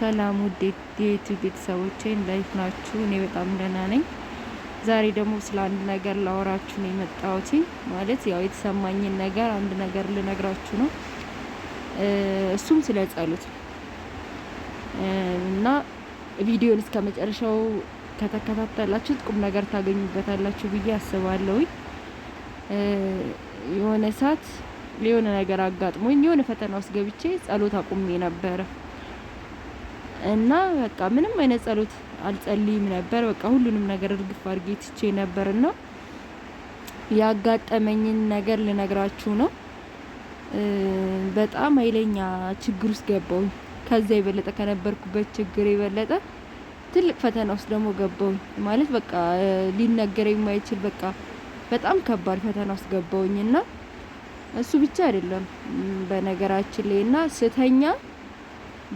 ሰላም ውዴት የዩቲዩብ ቤተሰቦቼ እንዴት ናችሁ? እኔ በጣም ደህና ነኝ። ዛሬ ደግሞ ስለ አንድ ነገር ላወራችሁ ነው የመጣሁት። ማለት ያው የተሰማኝን ነገር አንድ ነገር ልነግራችሁ ነው። እሱም ስለ ጸሎት እና ቪዲዮን እስከ መጨረሻው ከተከታተላችሁ ጥቁም ነገር ታገኙበታላችሁ ብዬ አስባለሁኝ። የሆነ ሰዓት የሆነ ነገር አጋጥሞኝ የሆነ ፈተና ውስጥ ገብቼ ጸሎት አቁሜ ነበረ። እና በቃ ምንም አይነት ጸሎት አልጸልይም ነበር። በቃ ሁሉንም ነገር እርግፍ አድርጌ ትቼ ነበርና ያጋጠመኝን ነገር ልነግራችሁ ነው። በጣም ኃይለኛ ችግር ውስጥ ገባው ከዛ የበለጠ ከነበርኩበት ችግር የበለጠ ትልቅ ፈተና ውስጥ ደግሞ ገባው ማለት በቃ ሊነገር የማይችል በቃ በጣም ከባድ ፈተና ውስጥ ገባውኝና እሱ ብቻ አይደለም በነገራችን ላይ እና ስተኛ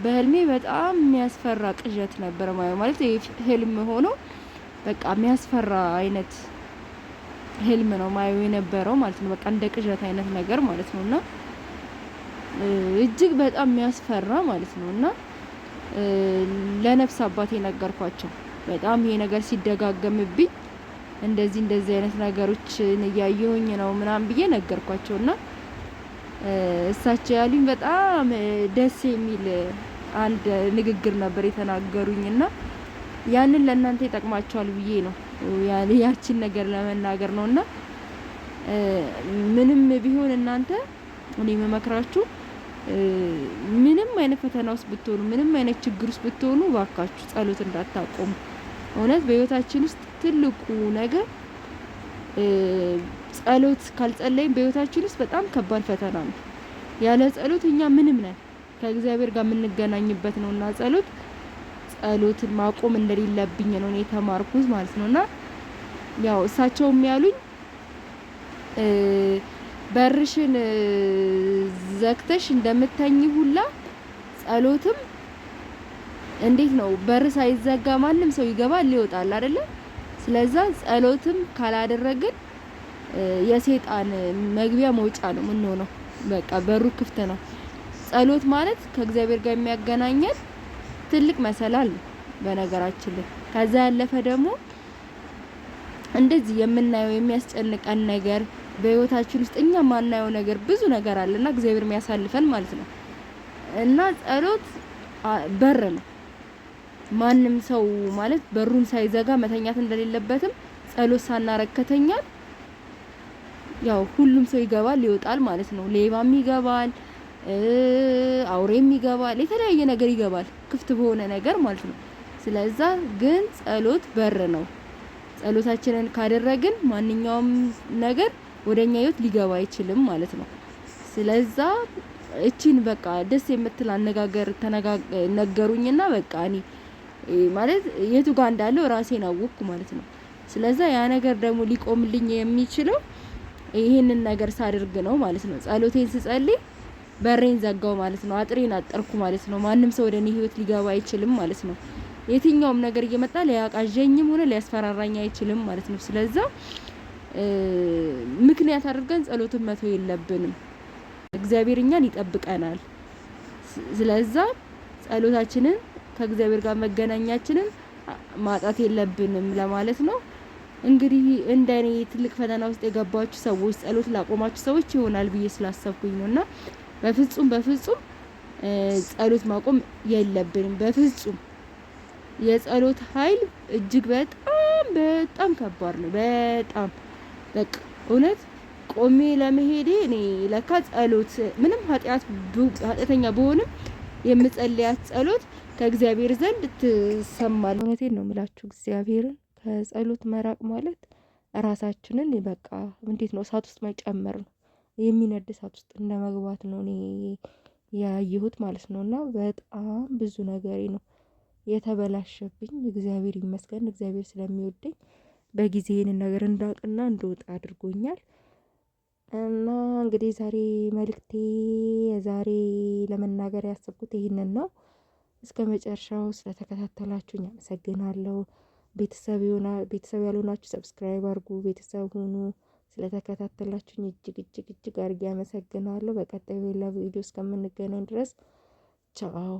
በህልሜ በጣም የሚያስፈራ ቅዠት ነበር ማለት ማለት ህልም ሆኖ በቃ የሚያስፈራ አይነት ህልም ነው ማየው የነበረው ማለት ነው። በቃ እንደ ቅዠት አይነት ነገር ማለት ነው እና እጅግ በጣም የሚያስፈራ ማለት ነው እና ለነፍስ አባቴ ነገርኳቸው። በጣም ይሄ ነገር ሲደጋገምብኝ እንደዚህ እንደዚህ አይነት ነገሮችን እያየሁኝ ነው ምናምን ብዬ ነገርኳቸው እና እሳቸው ያሉኝ በጣም ደስ የሚል አንድ ንግግር ነበር የተናገሩኝ እና ያንን ለእናንተ ይጠቅማቸዋል ብዬ ነው ያችን ነገር ለመናገር ነው እና ምንም ቢሆን እናንተ እኔ መመክራችሁ ምንም አይነት ፈተና ውስጥ ብትሆኑ፣ ምንም አይነት ችግር ውስጥ ብትሆኑ ባካችሁ ጸሎት እንዳታቆሙ። እውነት በህይወታችን ውስጥ ትልቁ ነገር ጸሎት ካልጸለይም በህይወታችን ውስጥ በጣም ከባድ ፈተና ነው። ያለ ጸሎት እኛ ምንም ነን፣ ከእግዚአብሔር ጋር የምንገናኝበት ነው እና ጸሎት ጸሎትን ማቆም እንደሌለብኝ ነው የተማርኩት ማለት ነው። እና ያው እሳቸውም ያሉኝ በርሽን ዘግተሽ እንደምተኝ ሁላ ጸሎትም እንዴት ነው በር ሳይዘጋ ማንም ሰው ይገባል ይወጣል አይደለ? ስለዛ ጸሎትም ካላደረግን የሰይጣን መግቢያ መውጫ ነው። ምን ሆነው በቃ በሩ ክፍት ነው። ጸሎት ማለት ከእግዚአብሔር ጋር የሚያገናኘን ትልቅ መሰላል ነው በነገራችን ላይ። ከዛ ያለፈ ደግሞ እንደዚህ የምናየው የሚያስጨንቀን ነገር በህይወታችን ውስጥ እኛ ማናየው ነገር ብዙ ነገር አለና እግዚአብሔር የሚያሳልፈን ማለት ነው። እና ጸሎት በር ነው። ማንም ሰው ማለት በሩን ሳይዘጋ መተኛት እንደሌለበትም ጸሎት ሳናረግ ያው ሁሉም ሰው ይገባል ይወጣል ማለት ነው። ሌባም ይገባል፣ አውሬም ይገባል፣ የተለያየ ነገር ይገባል ክፍት በሆነ ነገር ማለት ነው። ስለዛ ግን ጸሎት በር ነው። ጸሎታችንን ካደረግን ማንኛውም ነገር ወደኛ ህይወት ሊገባ አይችልም ማለት ነው። ስለዛ እቺን በቃ ደስ የምትል አነጋገር ነገሩኝና በቃ እኔ ማለት የቱ ጋር እንዳለው ራሴን አወቅኩ ማለት ነው። ስለዛ ያ ነገር ደግሞ ሊቆምልኝ የሚችለው ይህንን ነገር ሳድርግ ነው ማለት ነው። ጸሎቴን ስጸልይ በሬን ዘጋው ማለት ነው። አጥሬን አጠርኩ ማለት ነው። ማንም ሰው ወደ እኔ ህይወት ሊገባ አይችልም ማለት ነው። የትኛውም ነገር እየመጣ ሊያቃዣኝም ሆነ ሊያስፈራራኝ አይችልም ማለት ነው። ስለዛ ምክንያት አድርገን ጸሎትን መተው የለብንም። እግዚአብሔር እኛን ይጠብቀናል። ስለዛ ጸሎታችንን ከእግዚአብሔር ጋር መገናኛችንን ማጣት የለብንም ለማለት ነው። እንግዲህ እንደኔ ትልቅ ፈተና ውስጥ የገባችሁ ሰዎች፣ ጸሎት ላቆማችሁ ሰዎች ይሆናል ብዬ ስላሰብኩኝ ነውና በፍጹም በፍጹም ጸሎት ማቆም የለብንም። በፍጹም የጸሎት ኃይል እጅግ በጣም በጣም ከባድ ነው። በጣም በቃ እውነት ቆሜ ለመሄዴ እኔ ለካ ጸሎት ምንም ኃጢአት ኃጢአተኛ ብሆንም የምጸልያት ጸሎት ከእግዚአብሔር ዘንድ ትሰማል። እውነቴን ነው የምላችሁ እግዚአብሔርን ከጸሎት መራቅ ማለት ራሳችንን በቃ እንዴት ነው እሳት ውስጥ መጨመር ነው የሚነድ እሳት ውስጥ እንደመግባት ነው እኔ ያየሁት ማለት ነው። እና በጣም ብዙ ነገሬ ነው የተበላሸብኝ እግዚአብሔር ይመስገን እግዚአብሔር ስለሚወደኝ በጊዜ ይህንን ነገር እንዳውቅና እንደወጣ አድርጎኛል። እና እንግዲህ ዛሬ መልእክቴ የዛሬ ለመናገር ያሰብኩት ይህንን ነው። እስከ መጨረሻው ስለተከታተላችሁኝ አመሰግናለሁ ቤተሰብ ያልሆናችሁ ሰብስክራይብ አድርጉ፣ ቤተሰብ ሁኑ። ስለተከታተላችሁኝ እጅግ እጅግ እጅግ አድርጌ አመሰግናለሁ። በቀጣይ ሌላ ቪዲዮ እስከምንገናኝ ድረስ ቻው።